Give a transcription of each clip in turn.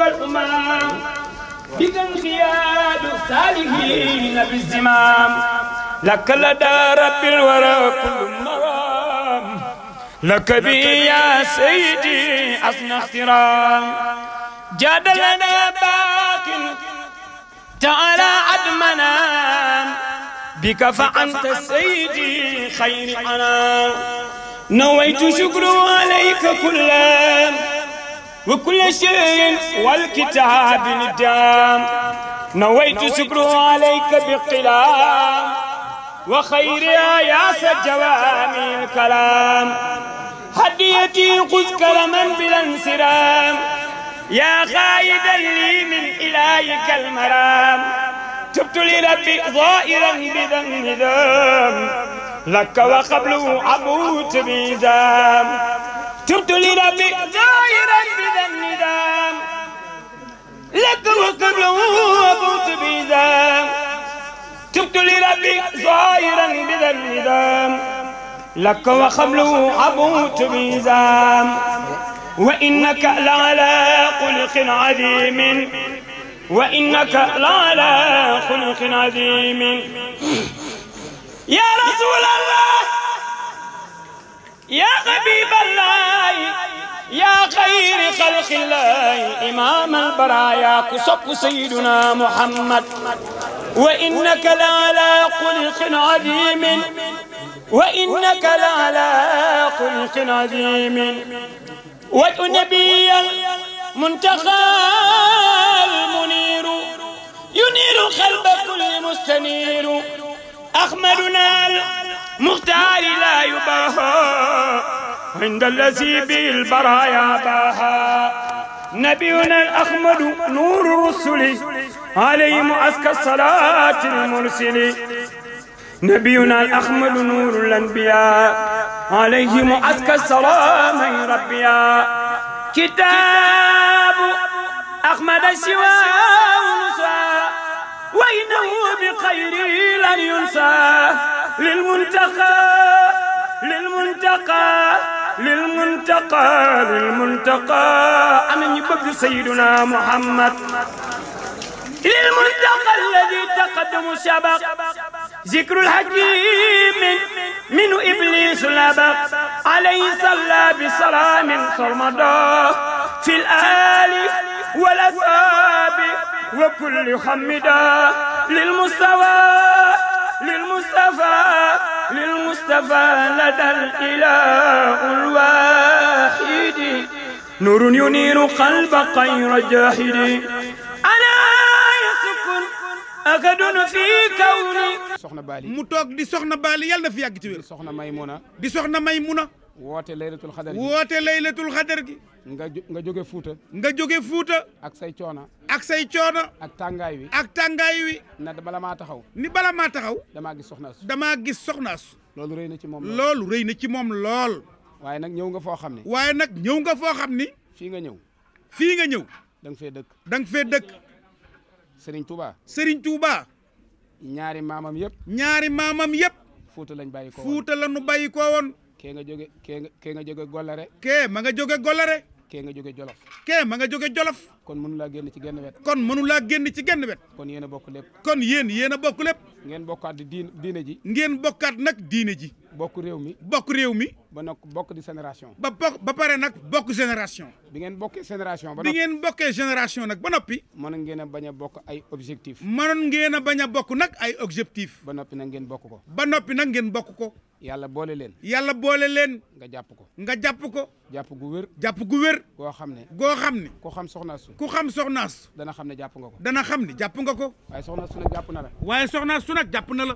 والأمم بكنقياد الصالحين بالزمام لك لدى رب الورى كل مرام لك بي يا سيدي أصنع احترام جادلنا باق تعالى عدمنا بك فأنت سيدي خير أنا نويت شكر عليك كلا وكل شيء والكتاب ندام نويت شكره عليك بقلام وخيرها يا سجوامي الكلام هديتي خذ كرما بلا انسرام يا خايدا لي من إلهك المرام تبت لربي ظائرا بذنب ذنب لك وقبله عبوت بيزام تبت لربي ظائرا لك وقبل وابوت بيزام تبت لربي صايرا بذا النظام لك وقبل ابوت بيزام وانك لعلى خلق عظيم وانك لعلى خلق عظيم يا رسول الله يا حبيب الله yaa xayri xalqillaahi imaam albaraaya ku sopp sayyiduna muhammad wa innaka la ala xuluqin adiimin wa innaka la ala xuluqin adiimin waju nabiyal muntaxal muniiru yuniiru xalba kulli mustaniiru axmaduna al muxtaari laa yubaho عند الذي بالبرايا باها نبينا الأحمد نور الرسل عليهم أزكى الصلاة المرسل نبينا الأحمد نور الأنبياء عليهم أزكى السلام من ربيا كتاب أحمد سواه نسى وإنه بخير لن ينسى للمنتقى للمنتقى lil muntaqa lil muntaqa ana ñu bëgg sayyiduna muhammad lil muntaqa alladi taqaddamu sabaq zikrul hakim min iblis labaq alayhi salla bi salamin sarmada fi l ali wal ashabi wa kulli hamida lil mustawa للمصطفى للمصطفى لدى الإله الواحد نور ينير قلب غير جاحد ألا يسكن أكد في كوني soxna Bali mu toog di soxna Bali yàlla na fi yàgg ci wér. soxna Maymuna di soxna Maymuna woote laylatul xadar gi woote laylatul xadar gi. nga nga jóge Fuuta. nga jóge Fuuta. ak say coona. ak say coona. ak tàngaay wi. ak tàngaay wi. na bala maa taxaw. ni bala ma taxaw. damaa gis soxnaas. damaa gis soxna loolu rëy na ci moom loolu rëy na ci moom lool. waaye nag ñëw nga foo xam ne. waaye nag ñëw nga foo xam ni. fii nga ñëw. fii nga ñëw. da nga fee dëkk. dang nga fee dëkk. Serigne Touba. Serigne Touba. ñaari maamam yëpp. ñaari maamam yëpp. Fuuta lañ bàyyi ko woon Fuuta lañu bàyyi ko woon. kee nga jóge kee nga kee nga jóge Golare. kee ma nga jóge Golare. kee nga jóge Jolof. kee ma nga jóge Jolof. kon mënu génn ci genn wet kon mënu laa génn ci genn wet kon yéen a bokk lépp kon yéen yéen a bokk lépp ngeen bokkaat di diin diine ji ngeen bokkaat nag diine ji bokk réew mi bokk réew mi ba nag bokk di génération ba ba pare nag bokk génération bi ngeen bokkee génération ba bi ngeen bokkee génération nag ba noppi mënoon ngeen a bañ a bokk ay objectif mënoon ngeen a bañ a bokk nag ay objectif ba noppi nag ngeen bokk ko ba noppi nag ngeen bokk ko yàlla boole leen yàlla boole leen nga jàpp ko nga jàpp ko jàpp gu wér jàpp gu wér xam ne goo xam ne ko xam soxna ku xam soxnaas. dana xam ne jàpp nga ko. dana xam ne jàpp nga ko. waaye soxnaas su nag jàpp na la. waaye soxnaas su nag jàpp na la.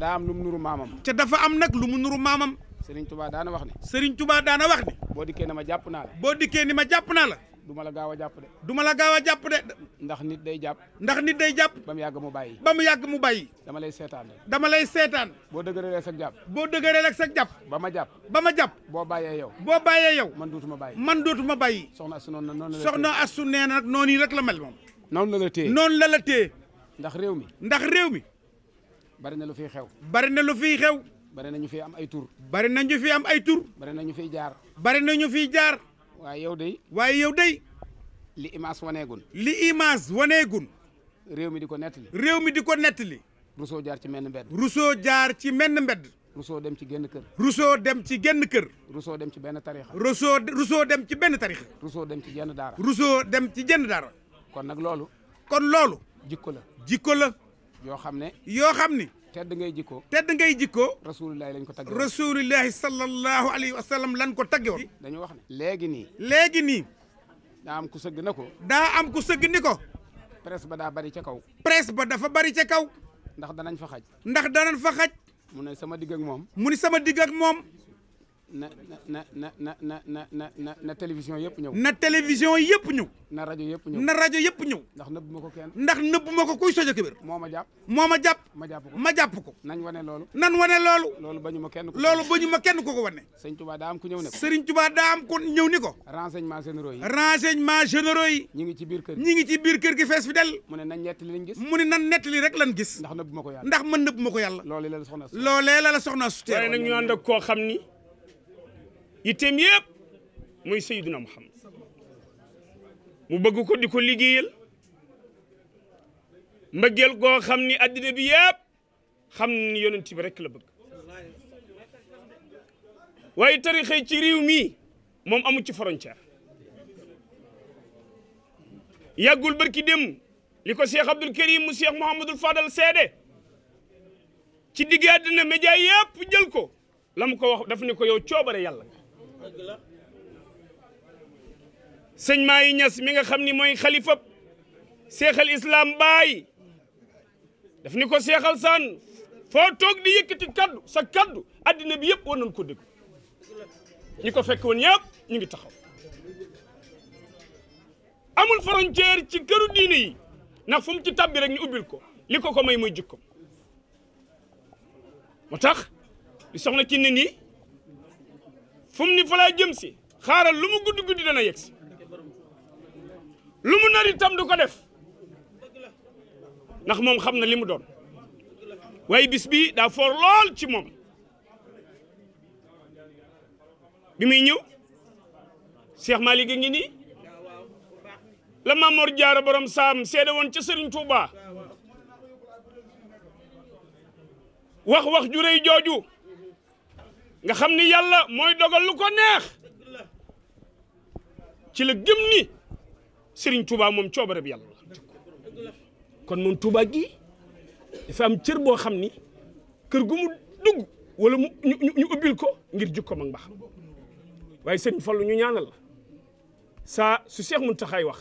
daa am lu mu nuru maamam. te dafa am nag lu mu nuru maamam. Serigne Touba daana wax ne. Serigne Touba daana wax ne. boo dikkee ni ma jàpp naa la. boo dikkee ni ma jàpp naa la. duma la gaaw a jàpp de du la gaaw a jàpp de ndax nit day jàpp ndax nit day jàpp ba yàgg mu bàyyi ba mu yàgg mu bàyyi dama lay seetaan dama lay seetaan boo dëgëree sag jàpp boo dëgëree rek sag jàpp ba ma jàpp ba ma jàpp boo bàyyee yow boo bàyyee yow man dootuma bàyyi man dootuma bàyyi soxna asu noonu noonu soxna asu nee na nag noonu yi rek la mel moom noonu la la téye noonu la la ndax réew mi ndax réew mi bari na lu fiy xew bari na lu fiy xew bari na ñu fi am ay tur bari na ñu fi am ay bari na ñu jaar bari na ñu fiy jaar waa yow day waaye yow day li image waneegun li image waneegun réew mi di ko nettali réew mi di ko nettali Rousseau jaar ci menn mbedd Rousseau jaar ci menn mbedd Rousseau dem ci genn kër Rousseau dem ci genn kër Rousseau dem ci benn tarixa Rousseau Rousseau dem ci benn tarixa Rousseau dem ci jenn daara Rousseau dem ci jenn daara kon nag loolu kon loolu jikko la jikko la yoo xam ne yoo xam ni tedd ngay jikkoo tedd ngay jikkoo rasulillahi lañ ko tagge rasulillahi sallallahu alayhi wa sallam lan ko tagge woon dañu wax ne léegi nii léegi nii daa am ku sëgg na ko daa am ku sëgg ni ko presse ba daa bari ca kaw press ba dafa bari ca kaw ndax danañ fa xaj ndax danañ fa xaj mu ne sama digg moom mu ne sama digg moom na na na na na na na na télévision yëpp ñëw. na télévision yëpp ñëw. na rajo yëpp ñëw na rajo yëpp ñëw. ndax nëbb ma ko kenn. ndax nëbb ma ko kuy Sodia Kébér. moo ma jàpp moo ma jàpp. ma jàpp ko ma jàpp ko. nañ wane loolu. nan wane loolu. loolu bañu ma kenn ko loolu kenn ko ko wane. Serigne Touba daa am ku ñëw ne ko. Serigne Touba daa am ku ñëw ni ko. renseignement généraux yi. renseignement généraux yi. ñi ngi ci biir kër gi ngi ci biir kër gi fees fi del. mu ne nan nettali lañ gis. mu ne nan nettali rek lan gis. ndax nëbb ma ko yàlla ndax man nëbb ma ko yàlla. loolee la la soxna yitteem yëpp mooy Seydina Muhammad mu bëgg ko di ko liggéeyal mbëggeel goo xam ni addina bi yëpp xam ni yonent bi rek la bëgg waaye tarixa ci réew mi moom amu ci frontière yàggul barki dem li ko Cheikh Abdoul Karim mu Cheikh Mouhamadul Fadal seede ci digg àddina média yëpp jël ko la mu ko wax daf ko yow coobare yàlla sëñ Mahi Niass mi nga xam ni mooy xalifab seexal islam baay daf ni ko seexal saan foo toog di yëkkati kaddu sa kaddu addina bi yëpp war nañ ko dégg ñi ko fekk woon yëpp ñu ngi taxaw amul frontière ci këru diine yi ndax fu ci tabbi rek ñu ubbil ko li ko ko may muy jikkoom moo tax li soxna ci nit fu ni falaa laa jëm si xaaral lu mu guddi guddi dana yegg si lu mu nar itam du ko def ndax moom xam na li mu doon waaye bis bi daa foor lool ci moom bi muy ñëw Cheikh Malick a ngi nii la Mamor Jaara borom saam seede woon ca Serigne Touba wax wax ju rëy jooju nga xam ni yàlla mooy dogal lu ko neex ci la gëm ni Serigne Touba moom coobareb yàlla la kon moom Touba gi dafa am cër boo xam ni kër gu mu dugg wala mu ñu ubbil ko ngir jikkoom ak mbaaxam waaye Serigne Fallou ñu ñaanal saa su Seex Muntaxaay wax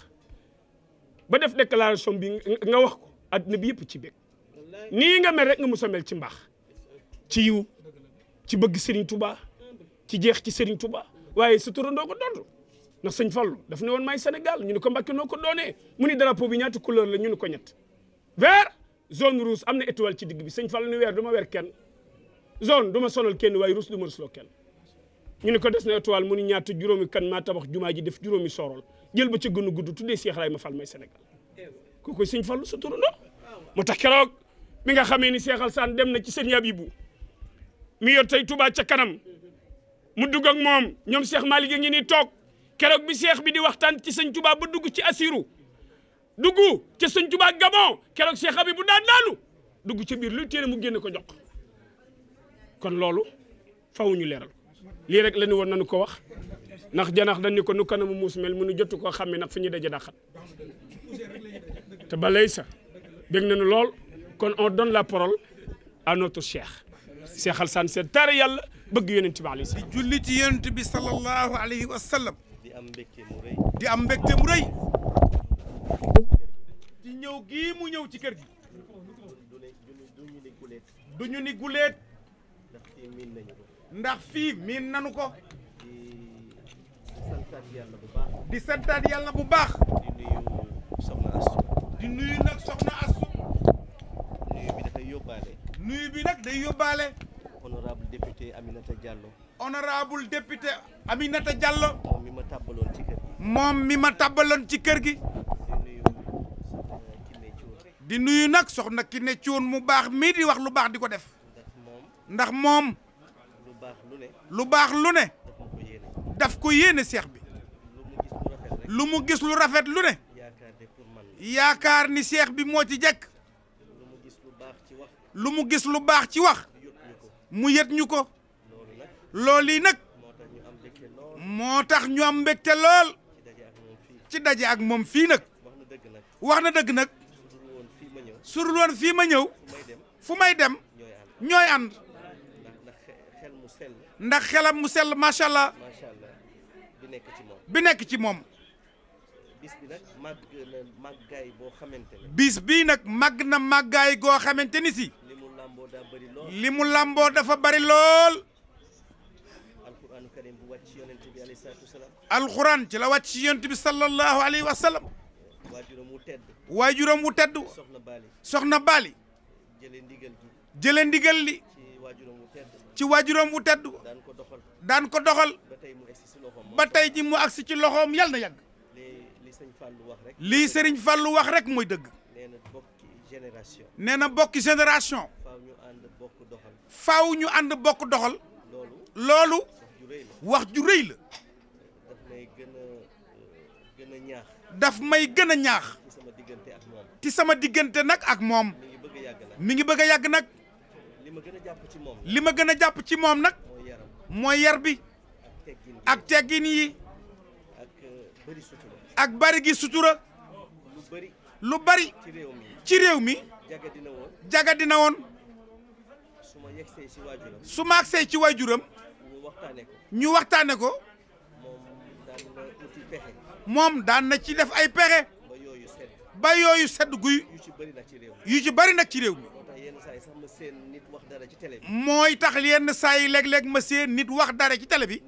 ba def déclaration bi nga wax ko àdduna bi yëpp ci bég nii nga mel nga musa mel ci mbax ci yiw ci bëgg Serigne tubaa ci jeex ci Serigne tubaa waaye sa turandoo ko doon ndax sëñ Fallou daf ne woon maay senegal ñu ne ko Mbàkke ko doonee mu ni drapeau bi ñaata couleur la ñu ne ko ñett vert zone rouge am na étoile ci digg bi sëñ fal ni weer du ma weer kenn zone du ma sonal kenn waaye rouge du ma rusloo kenn ñu ne ko des na étoile mu ni ñaata juróomi kan maa tabax jumaa ji def juróomi sorol jël ba ca gën a gudd tuddee Cheikh Ibrahima Fall may Sénégal kooku sëñ Fallou sa turandoo moo tax keroog bi nga xamee ni Cheikh Alassane dem na ci sëñ Abibou mi yor tey Touba ca kanam mu dugg ak moom ñoom Cheikh Malick a ngi nii toog keroog bi seex bi di waxtaan ci sëñ Touba ba dugg ci Assirou dugg ca sëñ Touba Gabon keroog Cheikh bu daan laalu dugg ci biir lu téere mu génne ko jox kon loolu faaw ñu leeral lii rek la ñu woon nañu ko wax ndax janax dañ ni ko nu kanamu muus mel nu jotu koo xam ne nag fi ñuy daje daqat te ba lay sa bég nañu lool kon on doon la parole à notre cheikh Cheikh Alassane Sène taara yàlla bëgg yonent bi alayhi salaam di julli ci yonent bi sallallahu alayhi wa sallam di am mbégte mu di am mbégte mu rëy di ñëw gii mu ñëw ci kër gi duñu ni guleet duñu ni guleet ndax fii miin nañu ndax fii miin nañu ko santaat yàlla bu baax di nuyu soxna Astu yóbbaale. nuyu bi nag day yóbbaale. honorable député Aminata Diallo. honorable député Aminata Diallo. moom mi ma tàbbaloon ci kër gi. moom mi ma tàbbaloon ci kër gi. di nuyu nag soxna ki ne Thion mu baax mii di wax lu baax di ko def. ndax moom. lu baax lu ne. lu baax lu ne. ko yéene seex bi. lu mu gis lu rafet lu ne. yaakaar ni seex bi moo ci jekk. lu mu gis lu baax ci wax mu yet ñu ko loolu yi nag moo tax ñu am mbégte lool ci daje ak moom fii nag wax na dëgg nag surul woon fii ma ñëw fu may dem ñooy ànd ndax xelam mu sell macha allah bi nekk ci moom. bis bi nag màgg na màggaay boo xamante ne. bis bii nag màgg na màggaay goo xamante ni si. li mu làmboo daa bari lool. li mu làmboo dafa bari lool. alxuraan karim bu wàcc ci yonent bi alayhi salaatu wa ci la wàcc ci yonent bi sallallahu alayhi wa sallam. waajuram wu tedd. waajuram wu tedd. soxna Baali. soxna Baali. jëlee ndigal gi. jëlee ndigal li. ci waajuram wu tedd. ci waajuram wu tedd. daan ko doxal. daan ko doxal. ba tey mu agsi ci loxoom. ba tey ji mu agsi ci loxoom yàlla na yàgg. sëñ Fallou wax rek. lii sëriñ Fallou wax rek mooy dëgg. nee na bokki génération. nee na bokki génération. ñu ànd bokk doxal. faaw ñu ànd bokk doxal. loolu. loolu. wax ju rëy la. daf may gën a gën a ñaax. daf may gën a ñaax. ci sama diggante ak ci sama diggante nag ak moom. mi ngi bëgg yàgg nag. mi ngi bëgg a yàgg nag. li ma gën a jàpp ci moom. li ma gën a jàpp ci moom nag. mooy yar bi. ak teggin yi. ak euh, ak bari gi sutura lu bari ci réew mi jaga dina woon su ma agsee ci waajuram ñu waxtaane ko moom daan na ci def ay pexe ba yooyu sedd guy yu ci bari nag ci réew mi mooy tax yenn saa yi léeg-léeg ma seen nit wax dara ci télé bi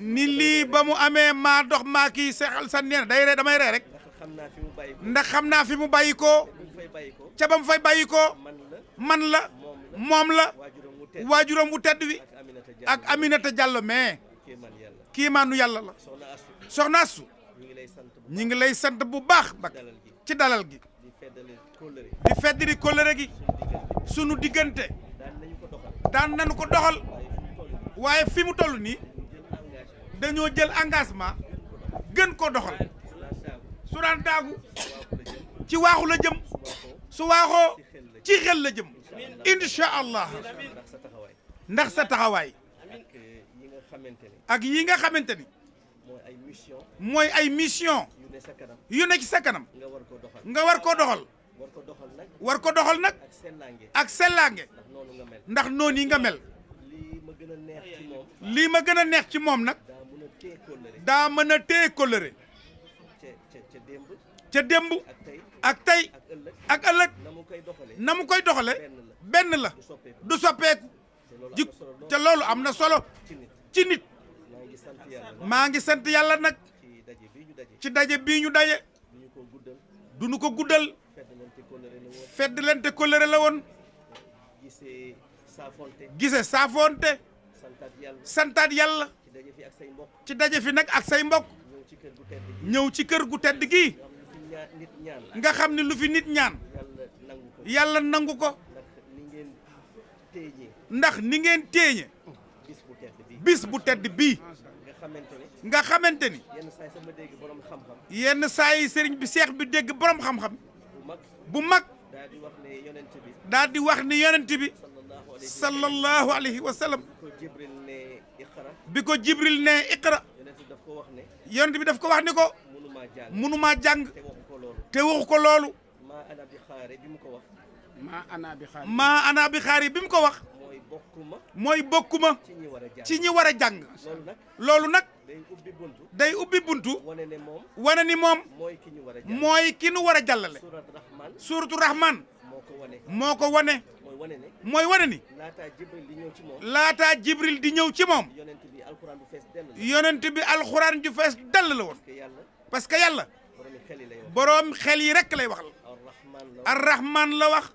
ni lii ba mu amee maa dox maa kii seexal san nee na day ree damay ree rek ndax xam naa fi mu bàyyi koo ca ba mu fay bàyyi koo man la moom la waajuram wu tedd wi ak Aminata Diallo mais kiimaanu yàlla la soxna Astou ñi ngi lay sant bu baax bak ci dalal gi di feddali kóllëre gi sunu diggante daan nañu ko doxal waaye fi mu toll nii dañoo jël engagement gën ko doxal su daan daagu ci waaxu la jëm su waaxoo ci xel la jëm incha allah ndax sa taxawaay ak yii nga xamante ni mooy ay mission yu ne ci sa kanam nga war koo doxal war ko doxal nag ak sellaange ndax noonu yi nga mel lii ma gën a neex ci moom nag daa mën a téye kóllëre ca démb ak tey ak ëllëg na mu koy doxale benn la du soppeeku ji te loolu am na solo ci nit maa ngi sant yàlla nag ci daje bii ñu daje du ñu ko guddal fedd lente kóllëre la woon gisee saafonte santaat yàlla ci daje fi nag ak say mbokk ñëw ci kër gu tedd gi nga xam ne lu fi nit ñaan yàlla nangu ko ndax ni ngeen téeñe bis bu tedd bii nga xamante ni yenn saa yi sëriñ bi seex bi dégg borom xam-xam bu mag daal di wax ne yonent bi sallallahu alayhi wa bi ko jibril ne iqra yonent bi daf ko wax ni ko mënumaa jàng te waxu ko loolu maa ana bi xaari bi mu ko wax maa ana bi xaari bi mu ko wax mooy bokkuma ci ñi war a jàng loolu nag day ubbi buntu wane ni moom mooy ki ñu war a jàllale suuratu rahman moo ko wane mooy wane ni laataa jibril di ñëw ci moom laataa jibril di ñëw ci moom yonent bi alxuraan ju fees dell la yonent bi alxuraan ju fees woon parce que yàlla boroom xel yi rek lay wax la arrahman la wax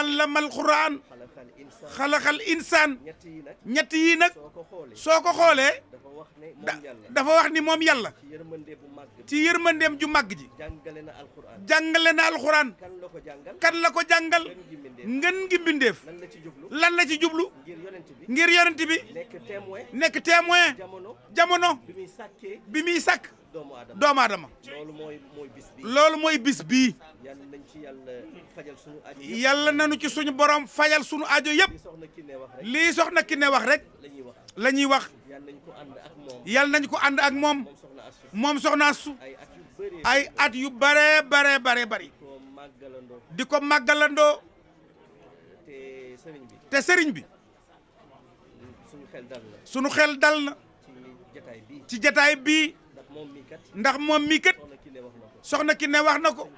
allama alxuraan xalaxal insaan ñett yi nag soo ko xoolee dafa wax ni moom yàlla ci yërmandeem ju màgg ji jàngale na alxuraan jàngale na alxuraan kan la ko jàngal ngën ngi mbindeef lan la ci jublu ngir yonent bi nekk témoin jamono bi muy sàkk doomu aadama loolu mooy bis bi yàlla nanu ci suñu borom fajal suñu aajo yëpp lii soxna ki ne wax rek la ñuy wax yal nañ ko ànd ak moom moom soxna Astou ay at yu bare bare bare bari di ko màggalandoo te sëriñ bi sunu xel dal na ci jataay bi ndax moom mii kat soxna ki ne wax na ko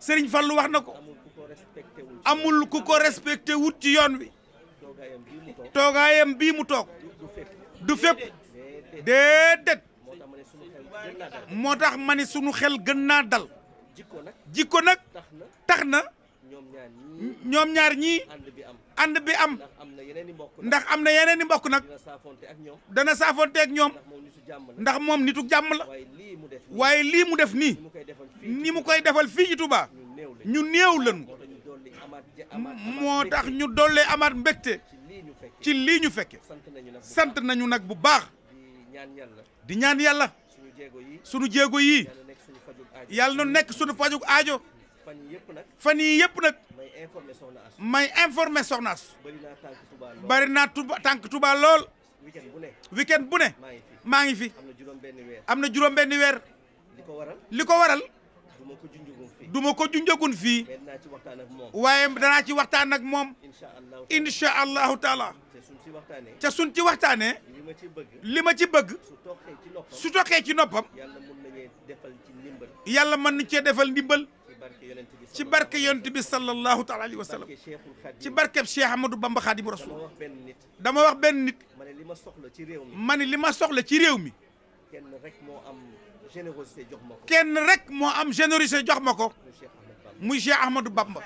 sëriñ Fallu wax na ko amul ku ko respecté wut ci yoon wi toogaayam bii mu toog du fépp déedéet moo tax ma ne sunu xel gën naa dal jikko nag tax na ñoom ñaar ñii ànd bi am ndax am na yeneen i mbokk nag dana saafonte ak ñoom ndax moom nitu jàmm la waaye lii mu def nii ni mu koy defal fii ci Touba ñu néew lañu moo tax ñu dollee amaat mbégte ci lii ñu fekke sant nañu nag bu baax ñaan yàlla di ñaan yàlla suñu jéego yi suñu jéego yi yàlla nekk suñu fajuk aajo fan yii yëpp nag fan yii yëpp nag may informé soxna as may informé soxna as bari naa tànk Touba lool bari naa tànk Touba lool weekend bu ne weekend bu ne maa fi maa ngi fi am na juróom ben weer am na juróom benn weer li ko waral li ko waral du duma ko junjogun fii waaye danaa ci waxtaan ak moom incha allahu taala ca sun ci waxtaanee li ma ci bëgg su toqee ci noppam yàlla mën nañu cee defal ndimbal ci barke yonent bi sallallahu taala alayhi wa sallam ci barkeb Cheikh Ahmadou Bamba Xaadimu Rasul dama wax benn nit ma ne li ma soxla ci réew mi kenn rek moo am générosité jox ma ko. kenn rek moo am générosité jox ma ko. muy Cheikh Ahmadou Bamba.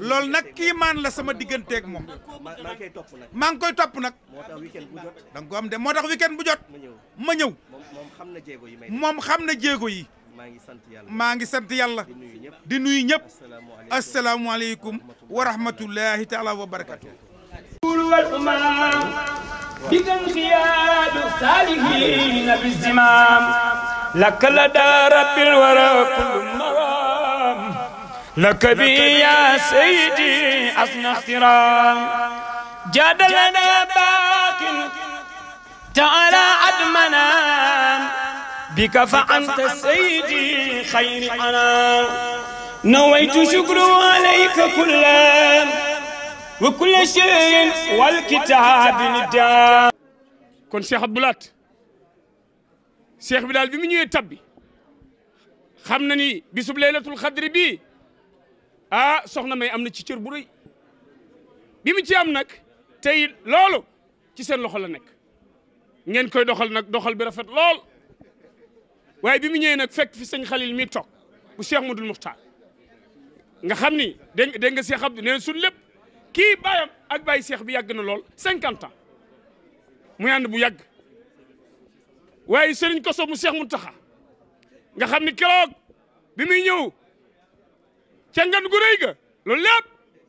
loolu nag kii maan la sama digganteeg moom. maa ngi koy topp nag. maa ngi koy topp nag. moo tax weekend bu jot. da nga ko am de moo tax weekend bu jot. ma ñëw moom xam na jéego yi may moom xam na jéego yi. maa ngi sant yàlla maa ngi sant yàlla di nuyu ñëpp. asalaamualeykum wa rahmatullahi taala wa barakatu. القبور والأمام بتنقياد الصالحين بالزمام لك لدى رب الورى كل مرام لك بي يا سيدي أصنع احترام جاد لنا باق تعالى عدمنا بك فأنت سيدي خير أنا نويت شكر عليك كلام wa kulli shay'in wal kitaabi nidaa kon Cheikh Abdou Lahad cheikh bi daal bi mu ñëwee tab bi xam na ni bisub laylatul xadri bii ah soxna may am na ci cër bu rëy bi mu ci am nag tey loolu ci seen loxo la nekk ngeen koy doxal nag doxal bi rafet lool waaye bi mu ñëwee nag fekk fi sëñ xalil mi toog bu cheikh Modou Muxtaar nga xam ni dégg nga dégg nga Cheikh Abdou nee lépp kii bàyyam ak bàyyi seex bi yàgg na lool cinquante ta muy ànd bu yàgg waaye sëriñ koso mu seex taxa nga xam ni keroog bi muy ñëw ca ngan gu rëy ga loolu lépp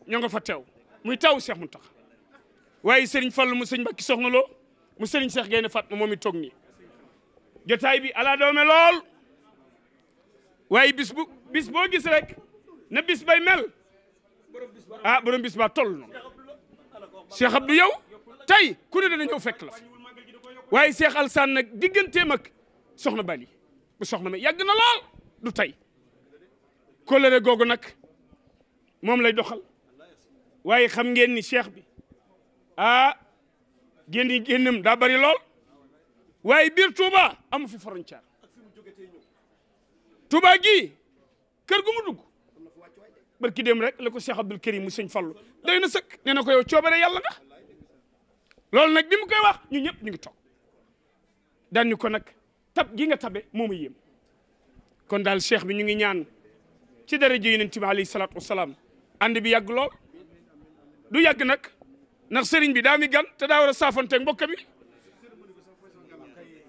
ñoo nga fa teew muy taw seex Muntaxa waaye sëriñ Fallu mu sëñ Mbàkki Soxna Lo mu sëriñ seex Gaynde fat moom it toog nii jotaay bi ala lool waaye bis bu bis boo gis rek na bis bay mel ah borom bis ba toll noonu Cheikh Abdou yow tey ku ne dana ñëw fekk la fa waaye Cheikh Alassane nag digganteem ak soxna Bali bu soxna ma yàgg na lool du tey kóllëre googu nag moom lay doxal waaye xam ngeen ni cheikh bi ah génn génnam daa bari lool waaye biir Touba amu fi frontière Touba gii kër gu mu dugg barki dem rek la ko Cheikh Abdoul Karim mu sëñ Fallu na sëkk nee na ko yow coobare yàlla loolu nag bi mu wax ñu ñëpp ñu ngi toog daan ñu ko nag tab gi nga tabe mooma yéem kon daal cheikh bi ñu ngi ñaan ci daraja yonent bi alayhi salaatu wasalaam ànd bi yàgg lool du yàgg nag ndax sëriñ bi daa mi gan te daa war a saafonteeg mbokk bi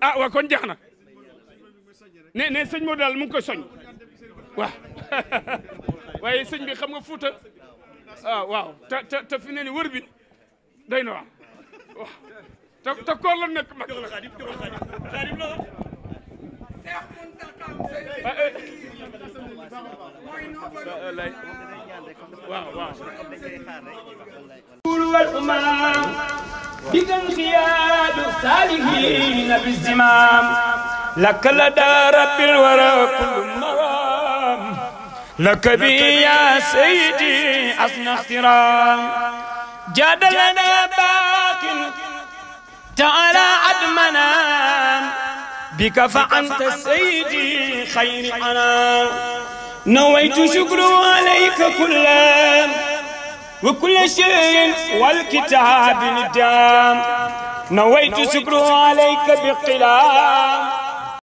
ah waa kon jeex na ne ne sëñ moo daal mu ngi koy soñ waaw waaye sëñ bi xam nga Fuuta ah waaw te te te fi ne ni wër bi day na waaw waaw te te koor la nekk mag la ah, eh. eh, waaw waaw الرسول والأمام بتنقياد الصالحين بالزمام لك لدى رب الورى كل لك بي يا سيدي أصنع احترام جدلنا باق تعالى عدمنا بك فأنت سيدي خير أنا نويت شكر عليك كلا وكل شيء والكتاب ندام نويت شكر عليك بقلام